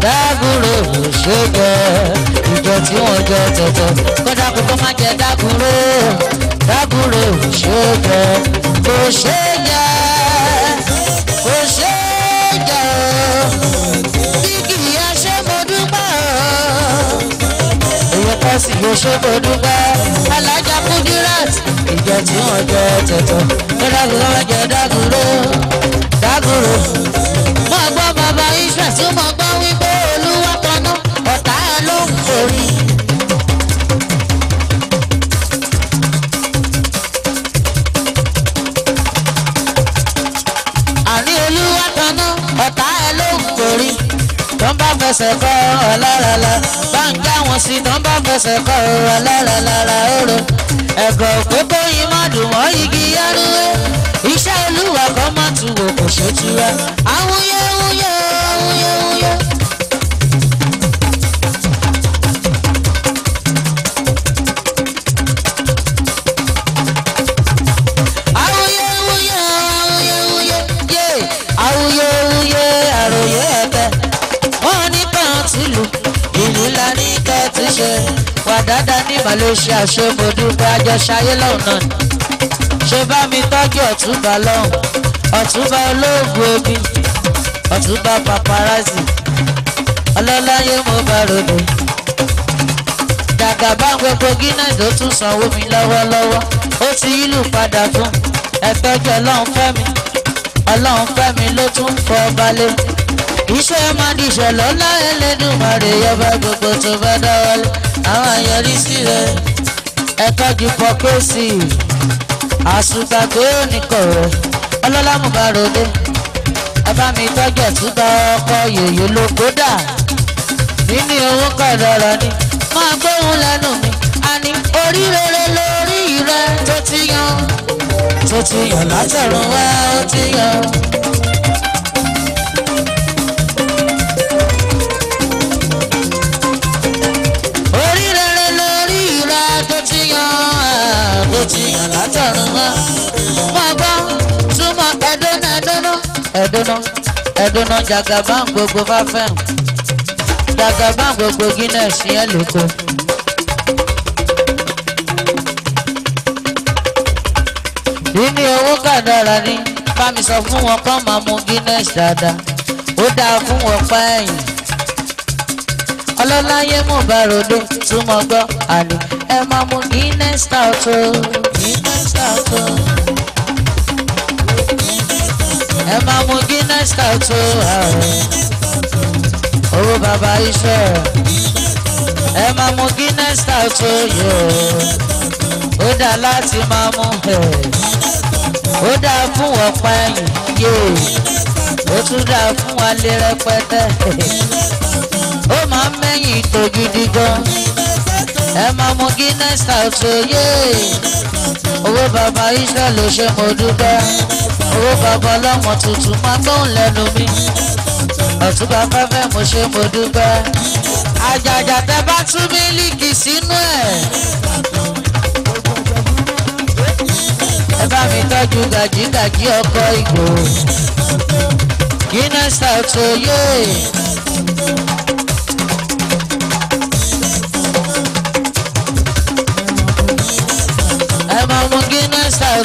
dàgùrò ṣé ọ̀rọ̀ tí wọ́n jọ tọ̀tọ̀ kọ́dákun kọ́ má jẹ dákúrò dákúrò ò ṣe jẹ kò ṣe jẹ kò ṣe jẹ bí kì í yá ṣe mo dúpẹ́ èyí kọ́ sì ló ṣe mo dúpẹ́ alájà Kudirat ìjọ tí wọ́n jọ tọ̀tọ̀ kọ́dákun kọ́ má jẹ dákúrò dákúrò mọ̀ gbọ́ bàbá Israel tí mo gbọ́ wípé. fẹsẹ̀ kọ́ ọ̀làlàlà bá ń gbá wọn sí náà bá fẹsẹ̀ kọ́ ọ̀làlàlà òrò ẹ̀gọ́ òpópó yìí má dùn mọ́ igi yárúwé iṣẹ́ olúwa kan má tún wò kò ṣe tura. ọba ló ṣe àṣemọdúpẹ́ àjọṣayé lọ́hùn náà ṣe bá mi tọ́jú ọ̀túnba lọ́hùn ọ̀túnba olóògùn ebi ọ̀túnba paparazzi ọlọ́láyé mo bá ròdò dàgà bá ń gbogbo guinness ó tún sanwó mi lọ́wọ́lọ́wọ́ ó ti yílù padà fún ẹ tọ́jú ọlọ́run fẹ́mi ọlọ́run fẹ́mi ló tún fọ́ balẹ̀ iṣẹ́ máa di ìṣẹ̀lọ́lá ẹlẹ́dùnmarè yọba gbogbo tó bá dáwọ́lé àwọn àyọrísí rẹ ẹ tọ́jú pọ́pẹ́sì àsùgbà tó nìkọ̀rọ̀ ọlọ́lá mùbáròdé ẹ bá mi tọ́jú ẹ̀túgbà ọkọ̀ yòyò ló kódà nínú owó kọ̀dọ̀rọ̀ ni máa gbóhùn lẹ́nu mi àní orí rere lórí rẹ tó ti yan tó ti yan látọ̀run wá ó ti yan. látọ̀run wá. Máa bá túmọ̀ ẹ̀dọ́nà ẹ̀dọ́nà ẹ̀dọ́nà ẹ̀dọ́nà jagaban gbogbo fáfẹ́m. Jàgàbá gbogbo Guinness yẹn lóko. Ìní owó kàdára ni bá sọ fún wọn kán máa mu Guinness dáadáa. Ó dáa fún wọn pa ẹ̀yìn. Ọlọ́láyé mú bá rodó túmọ̀ gbọ́ àlè ẹ máa mú Guinness stout o lọ́kọ̀. ẹ máa mu guinness kàtó ààrẹ owó bàbá iṣẹ́ ẹ máa mu guinness kàtó yẹ ó dá láti máa mu ẹ ó dá fún ọ̀pá ẹ̀yìn ó tún dá fún alẹ́ rẹpẹtẹ ó máa ń mẹ́yìn tó gidi gan ẹ máa mu guinness kàtó yé bàbá Israel ló ṣe mo dúpẹ́ owó bàbá ọlọ́mọ tuntun máa tó ń lẹ́nu mi ọ̀túnba fẹ́fẹ́ mo ṣe mo dúpẹ́ àjàjà tẹ bá tú mílíkì sínú ẹ̀ ẹ bá mi tọ́jú gàjígàjí ọkọ̀ ìgbò Guinness out oyè.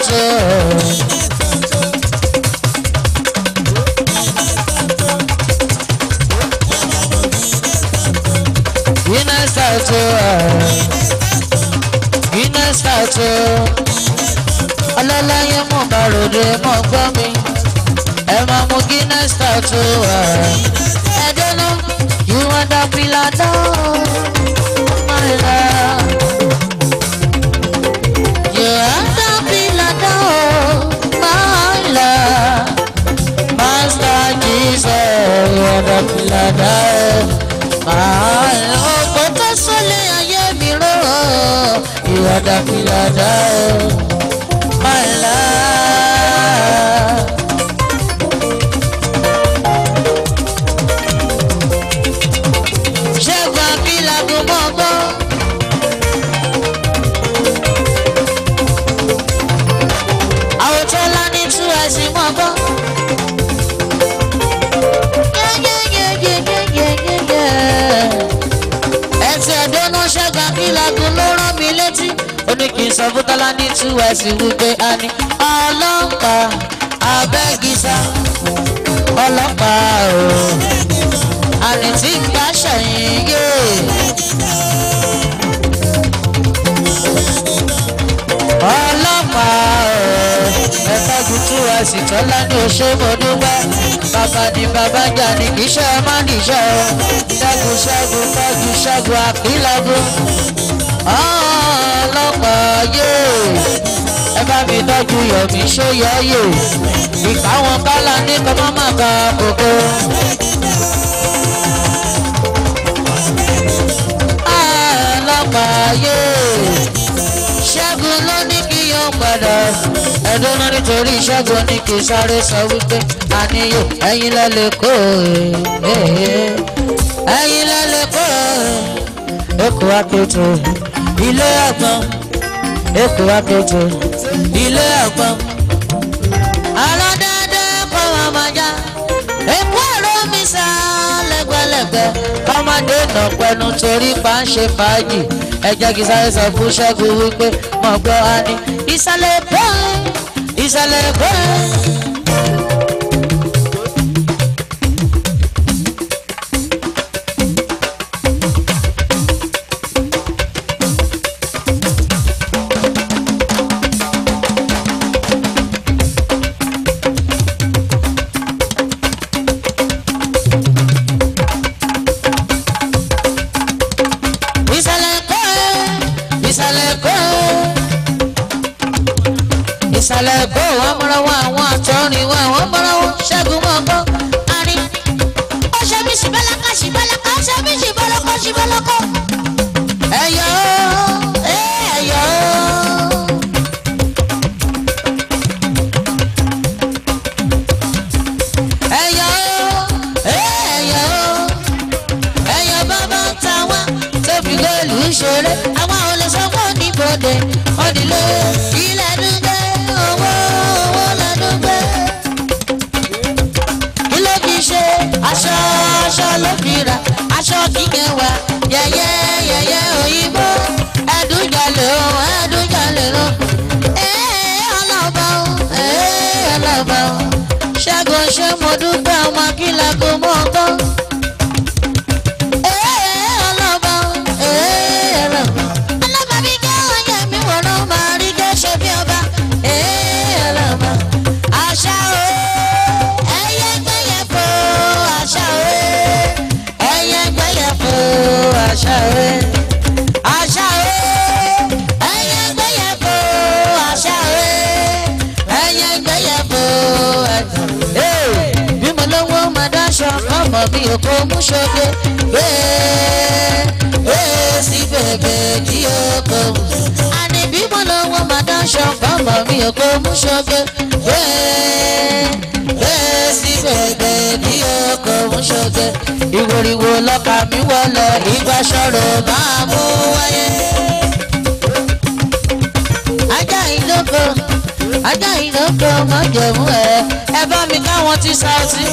tẹ́tẹ́. Inestato Inestato Ọlọ́láyé mo bá ròde mọ́ gbọ́ mi. Ẹ máa mú Guinness tattoo wá. Ẹ dẹ́nu, you are the pillar down, my love. ọ̀dọ̀kìlàdá ẹ̀. Ààrẹ ọkọ̀ tó sọlé ayé mi rọ̀rọ̀ ìwọ̀dọ̀kìlàdá ẹ̀. Máìlá. sọ fún tọ́lá ní two west wípé a ní ọlọ́pàá abẹ́gísà ọlọ́pàá o àní tí gbà ṣẹ̀yìn yé. ọlọ́pàá o ẹ̀fọ́gùn two west tọ́lá ní oṣù mọ́dúnwẹ́ bàbá ni bàbá jà ní iṣẹ́ má níṣẹ́ o ṣẹ́gun ṣẹ́gun fẹ́gun ṣẹ́gun àpílẹ́gun ọlọ́pàá yóò ẹ bá mi tọ́jú yọ̀mí ṣóyọ yóò ìkáwọn kálá ní kọ́mọ́mọ́ ká kókó. ọlọ́pàá yóò ṣẹ́gun ló ní kí yóò padà ẹ̀dùn náà nítorí ṣẹ́gun ní kí sáré sọ wípé àníyó ẹ̀yin lẹ́lẹ̀ kó ẹ̀yin lẹ́lẹ̀ kó ẹ̀kọ́ àpètò ilé àgbọn èkó akéjì ilé àgbọn alọ́dẹ́dẹ́ kọ́ wa máa já èkó èrò mi sá lẹ́gbẹ́lẹ́gbẹ́ ọmọdé nà pẹ́nu torí pa ń ṣe fàájì ẹ jẹ́ kí sáré sọ fún ṣẹ́gun wípé mọ̀ gbọ́ wa ìsàlẹ̀ bọ́ẹ̀ ìsàlẹ̀ bọ́ẹ̀. ọ̀lẹ́gbọ́ wa mọ́ra wọn àwọn. mú ṣọgbẹ́ bẹ́ẹ̀ bẹ́ẹ̀ sí gbẹ̀gbẹ̀ ní ọkọ̀ mú ṣọgbẹ́ ìwòrìwò lọ́kà mi wọlé ìgbà ṣọ̀rọ̀ máa mú wáyé. ajá ìlókò ajá ìlókò mọ́ jẹ̀mú ẹ̀ ẹ bá mi káwọn ti Saoty.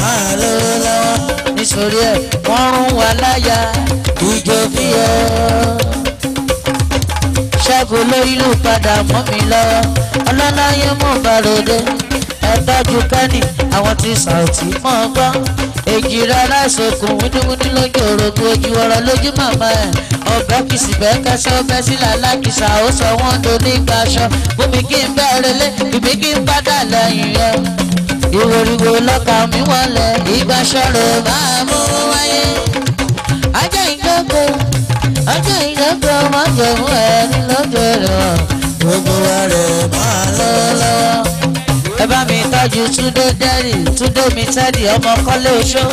máa lọ lọ́wọ́ nítorí ẹ̀ wọ́n rún wa láyà ìjọ bí ẹ ẹ̀kọ́ lórí ló padà mọ́ mi lọ́wọ́ ọlọ́láyé mọ̀ bàròdé ẹ̀dájú kẹ́ni àwọn ti sàùtì mọ́ gbọ́ èjì rárá ìsokùn wúdíwúdí lójú òrògbò ojú ọ̀rọ̀ lójú màmá ẹ̀ ọbẹ̀ kìsì bẹ́ẹ̀ kẹsẹ́ ọbẹ̀ sílẹ̀ alákìsà ó sọ wọ́n dorí gbaṣọ bómi kí n bẹ́ẹ̀ relé ìbí kí n padà lẹ́yìn rẹ̀ ìwòrìwò lọ́kàn mi wọlé ìgbàṣọ́rọ̀ máa mú wáyé ajá ìgbàgbọ́ ọjọ́ ìdọ́gbọ́ má sọ fún ẹni lọ́jọ́ rẹ̀ gbogbo rẹ̀ máa lọ́wọ́ lọ́wọ́. ẹ bá mi tọ́jú túndé dẹ́rì túndé mi tẹ́rì ọmọ kọ́lé oṣó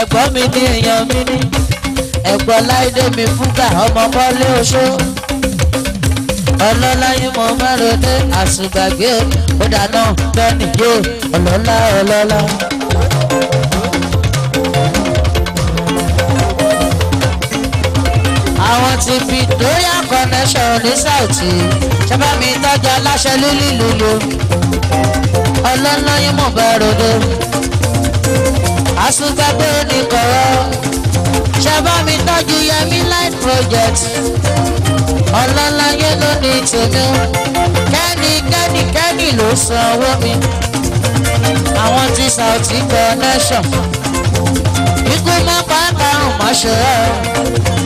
ẹ̀gbọ́n mi ní èèyàn mi ní ẹ̀gbọ́n láìdé mi fúgà ọmọ kọ́lé oṣó ọlọ́lá yín mo máa ròdé àṣùgbàgbé ó dáná bẹ́ẹ̀ nìyó ọlọ́lá ọlọ́lá. àwọn ti Victoria connection ní Saoti ṣẹba mi tọ́jú aláṣẹ lílì lulu ọlọ́nà imú bẹ̀rùdù àsùnfẹ́gbẹ́ oníkọ̀rọ̀ ṣẹba mi tọ́jú Yẹmí light project ọlọ́nà yẹn ló ní tèmi kẹ́ni kẹ́ni kẹ́ni ló san owó mi àwọn ti Saoti connection ikú mọ́ pàápàá ọmọ ṣe é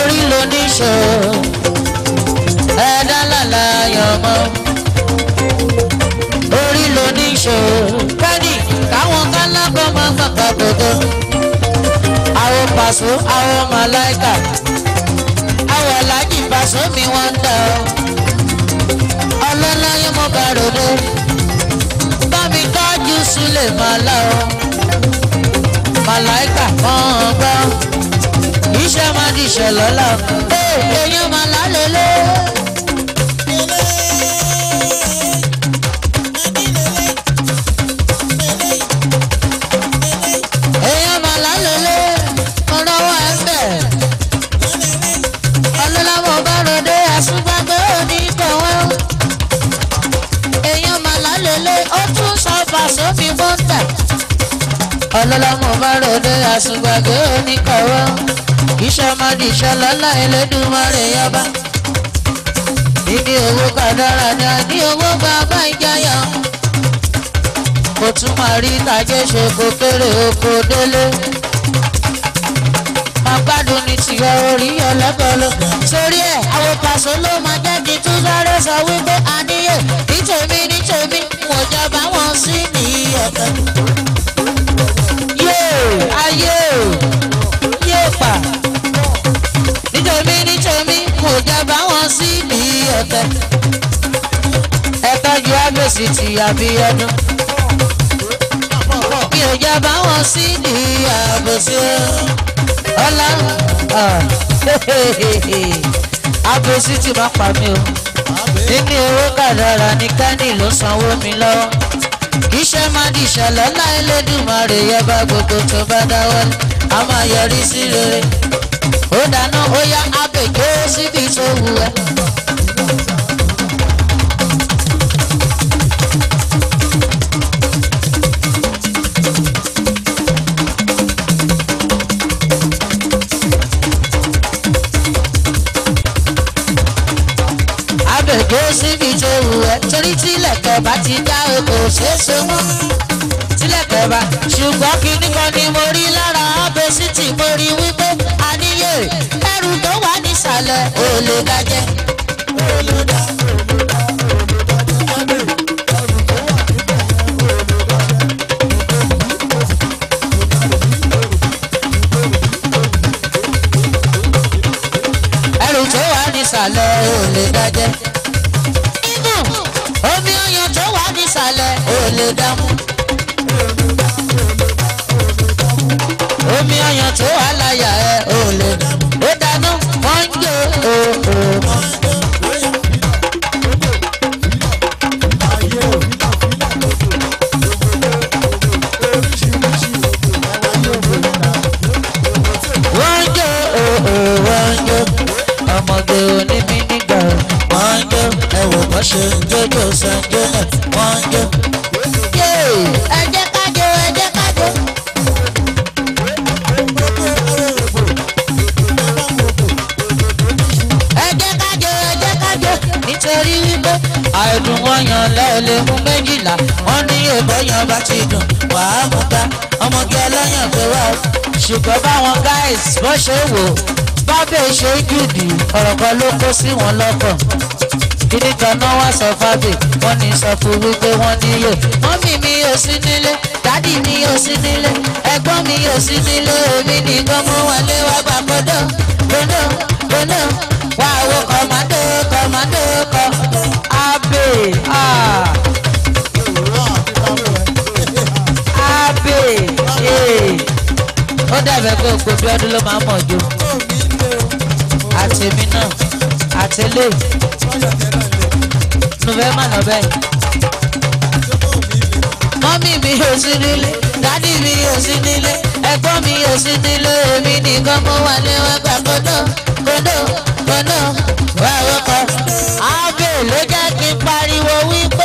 orí lóníṣòwò ẹ̀dá làlá yọmọ orí lóníṣòwò kẹ́ni káwọn kálábọ̀ máa ń fàkà gbogbo àwọn pàṣọ àwọn màláìkà àwọn aláàjì pàṣọ mi wọ́n ń dà ọ́ ọlọ́lá yọmọ bá ròdó bá mi tọ́jú sílẹ̀ màlá ọ́ màláìkà kan gbá ṣe lọ́la. èèyàn mà lálẹ́lẹ́. èèyàn mà lálẹ́lẹ́. ọ̀rọ̀ wa ẹ̀ bẹ̀. ọlọ́lá mo bá ròde àsúgbàgbé òní kọ̀wé. èèyàn mà lálẹ́lẹ́. ó tún sọ fàṣọ fi bọ́ńtà. ọlọ́lá mo bárọdé àsùngbàgbé oníkọwọ iṣẹ ọmọdé ìṣọlọlá Elédùmarè yọba níbi owó kàdáradá ní owó gba bá ìjáyà kò tún máa rí tàjẹ́ ṣe kó kéré oko délé máa gbádùn ní tìyọ orí ọlọ́gọ́lọ́ sórí ẹ̀ àwọn pàṣẹ ló máa jẹ́ kí tún sáré sọ wípé àníyè nítòmí nítòmí mo jọba wọn sí ní ọ̀tọ̀ ayé o yóò pa nítorí nítorí kò jábá wọn sí ní ọ̀tẹ̀ ẹ tọ́jú agbèsì ti Abíọ́dún kí o jábá wọn sí ní àbòsí ọlá àbòsí ti má pa mí o nínú owó kàdára ní kánì ló sanwó mi lọ́wọ́ iṣẹ́ máa di ìṣẹ̀lẹ̀ ńlá Elédùmarè yẹ bá gbogbo tó bá dáwọ́ a máa yọrí sí rere ó dáná ó yá abèké síbi tó wù ẹ́. ṣe wù ẹ́ torí tílẹ̀kẹ̀ bá ti dá o kò ṣeé so mọ́ tílẹ̀kẹ̀ bá ṣùgbọ́n kinní kan ni mo rí lára abẹ́sítì mo rí wípé àníyè ẹrù tó wà nísàlẹ̀ ò lè dájẹ́. ìsàlẹ̀ ò lè dájẹ́. lè dámú. omi ọyàn tó wà láyà ẹ ò lè dámú. ó dáná wọ́n ń jó bó ṣe wò bábẹ́ ṣe gidi ọ̀rọ̀ kan ló kó sí wọn lọ́kàn kìnìkan náà wá sọ fábì wọ́n ní sọ fún wípé wọ́n níyè mọ́mì mi ò sí nílé dádì mi ò sí nílé ẹ̀gbọ́n mi ò sí nílé èmi nìkan mú wọlé wá gbà gbọ́dọ̀ gbọ́dọ̀ gbọ́dọ̀ wá wo kọ̀mádó kọ̀mádó dàbẹ̀ pé ògbóbi ọdún ló máa ń mọ̀ jù àtẹ̀mí náà àtẹ̀lé nùfẹ̀mà náà bẹ́ẹ̀. mọ́mí mi ò sí nílé dádì mi ò sí nílé ẹ̀gbọ́n mi ò sí nílé èmi nìkan mo wà ní wọn gbà kódó kódó kódó wà wọ́kọ̀. àbẹ̀ ló jẹ́ kí n pariwo wípé.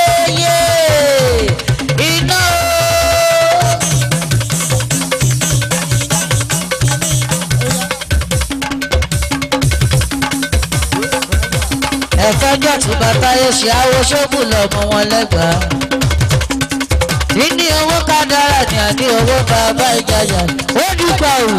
àtúbà táyé ṣe àwọ ṣọ́ọ̀bù lọ́mọ wọn lẹ́gbàá. níní owó ká dára ní àní owó bàbá ìjàyà ó dùgbà òun.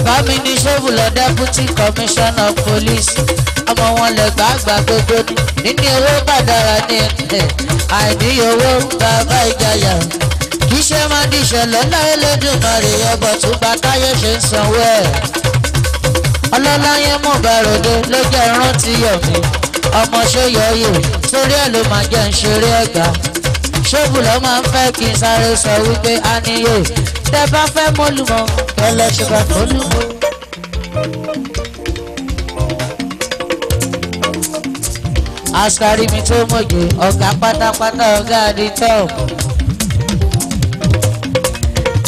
bàbá mi ní ṣọ́ọ̀bùlọ̀ deputy commissioner of police ọmọ wọn lè gbàgbà gbogbo níní owó pàdára ní àìní owó bàbá ìjayà iṣẹ́ máa di ìṣẹ̀lẹ̀ láyé lẹ́dùnmarè ọgbọ̀n tó bá táyé ṣe ń sanwó ẹ̀. ọlọ́láyé mú bàròdé ló jẹ́ rántí yọ̀mí ọmọṣẹ́ yọ̀ọ́yè sórí ẹ̀ ló máa jẹ́ ń ṣeré ẹ̀gbá. ṣébùlọ́ máa ń fẹ́ kí n sáré sọ wípé a níyè tẹ bá fẹ́ mọ́lùmọ́ ẹlẹ́ ṣùgbọ́n tó lùmọ́. àṣàrí mi tó mọ̀jẹ̀ ọ̀gá pátápátá ọ̀gá àdé tọ́ọ̀mù.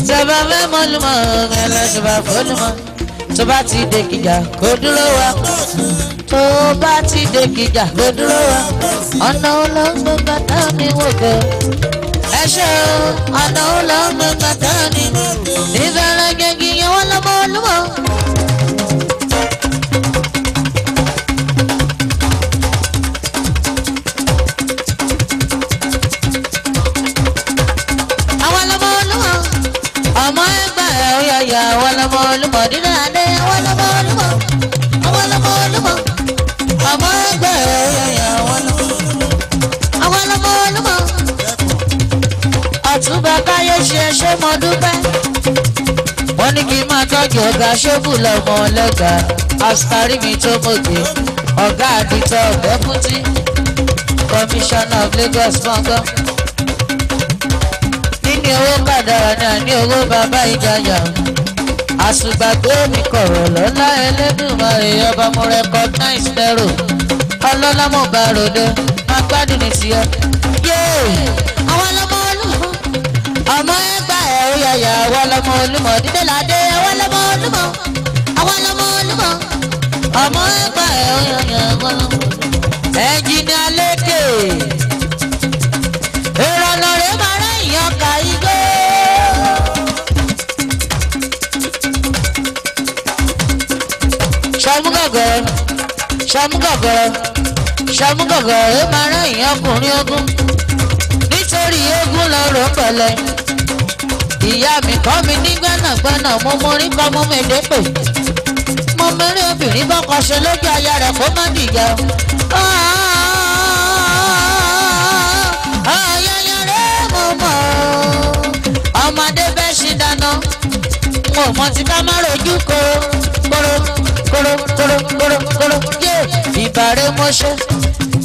tẹ bá fẹ́ mọ́lùmọ́ ẹlẹ́ ṣùgbọ́n tó lùmọ́ tó bá ti dé kìjà kó dúró wa tó bá ti dé kìjà kó dúró wa ọ̀nà olóńgbò kàtà mi wò gan ẹṣẹ o ọ̀nà ò lọ́gbọ̀n kàtà ni. ìfẹ́ràn gẹ́gẹ́ yẹn wọ́n lọ́mọ olúmọ. mo dúpẹ́. wọ́n ní kí n máa tọ́jú ọ̀gá ṣókù lọ́mọ ọlọ́gàá àṣàrí mi tó mòde ọ̀gá àdìtọ̀ ọ̀bẹ́kútì commissioner of Lagos gbọ̀ngàn. níní owó kàdára náà ní owó bàbá ìjàyà àṣùgbàgbé mi kọ̀rọ̀ lọ́lá ẹlẹ́dùnmarè ọba mo recognize lẹ́rò ọlọ́lá mo bá ròde má gbádùn ní tiẹ̀. yéè àwọn ọlọ́mọ ọlọ́mọ ọmọ ẹgbẹ́. Ìsàyà àwọn ọlọ́mọ Olúmọ Dídéládé àwọn ọlọ́mọ Olúmọ àwọn ọlọ́mọ Olúmọ ọmọ ẹgbà ẹ̀ ọ̀yọ̀yọ̀ ẹ̀gbọ́n. ẹnjìnì alékè ìrọ̀nà rẹ̀ máa rẹ̀yìn ọkà igbó. ṣàmúgọ̀gọ̀ ṣàmúgọ̀gọ̀ ṣàmúgọ̀gọ̀ ẹ̀ ọkùnrin ogun nítorí eégún lọ́rọ̀ pẹ̀lẹ́ ìyá mi kọ́ mi ní gbẹ́nàgbẹ́nà mo mú rí kọ́ mú mi lépè mo mẹ́rin obìnrin bọ́kọ ṣe lójú aya rẹ̀ kó má dìjà ayẹyẹ rẹ̀ mo mọ̀ ọmọdé bẹ́ẹ̀ ṣì dáná mo mọ̀ tí ká má rojú ko kóró kóró kóró kóró kóró yé ìbàrẹ̀ mo ṣe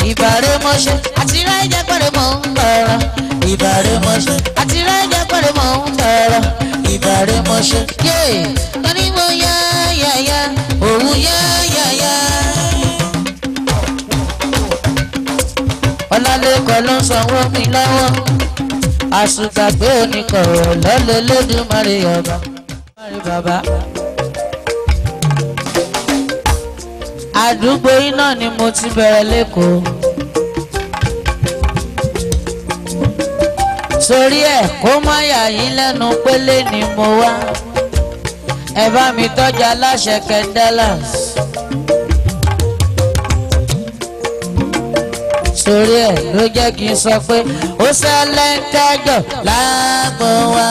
ìbàrẹ̀ mọ́ṣẹ́ àti rẹ́ jẹ́ pẹ̀rẹ̀ mọ́ ń bọ̀rọ̀ ìbàrẹ̀ mọ́ṣẹ́ àti rẹ́ jẹ́ pẹ̀rẹ̀ mọ́ ń bọ̀rọ̀ ìbàrẹ̀ mọ́ṣẹ́. yé ya, mo ya yàyà ya. yá yàyà. ọlálẹ́kọ̀ ló ń sanwó mi lọ́wọ́ àṣùgbàgbé oníkọ̀ọ́ lọ́lẹ́lẹ́dùnmarè ọba. bàbá. àdúgbò yìí náà ni mo ti bẹ̀rẹ̀ lẹ́kọ̀ọ́. torí ẹ̀ kó má yà yín lẹ́nu pélé ni mo wá ẹ bá mi tọ́jú aláṣẹ kẹndẹ́làs. torí ẹ̀ ló jẹ́ kí n sọ pé ó ṣẹlẹ̀ ń kẹ́jọ lágbo wa.